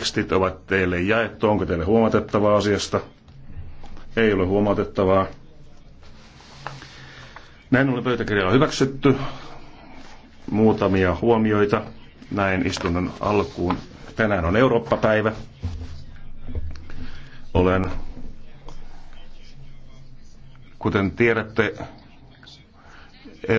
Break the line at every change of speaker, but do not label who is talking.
Tekstit ovat teille jaettu. Onko teille huomatettavaa asiasta? Ei ole huomautettavaa. Näin ollen pöytäkirja on hyväksytty. Muutamia huomioita näin istunnon alkuun. Tänään on Eurooppa-päivä. Olen,
kuten tiedätte,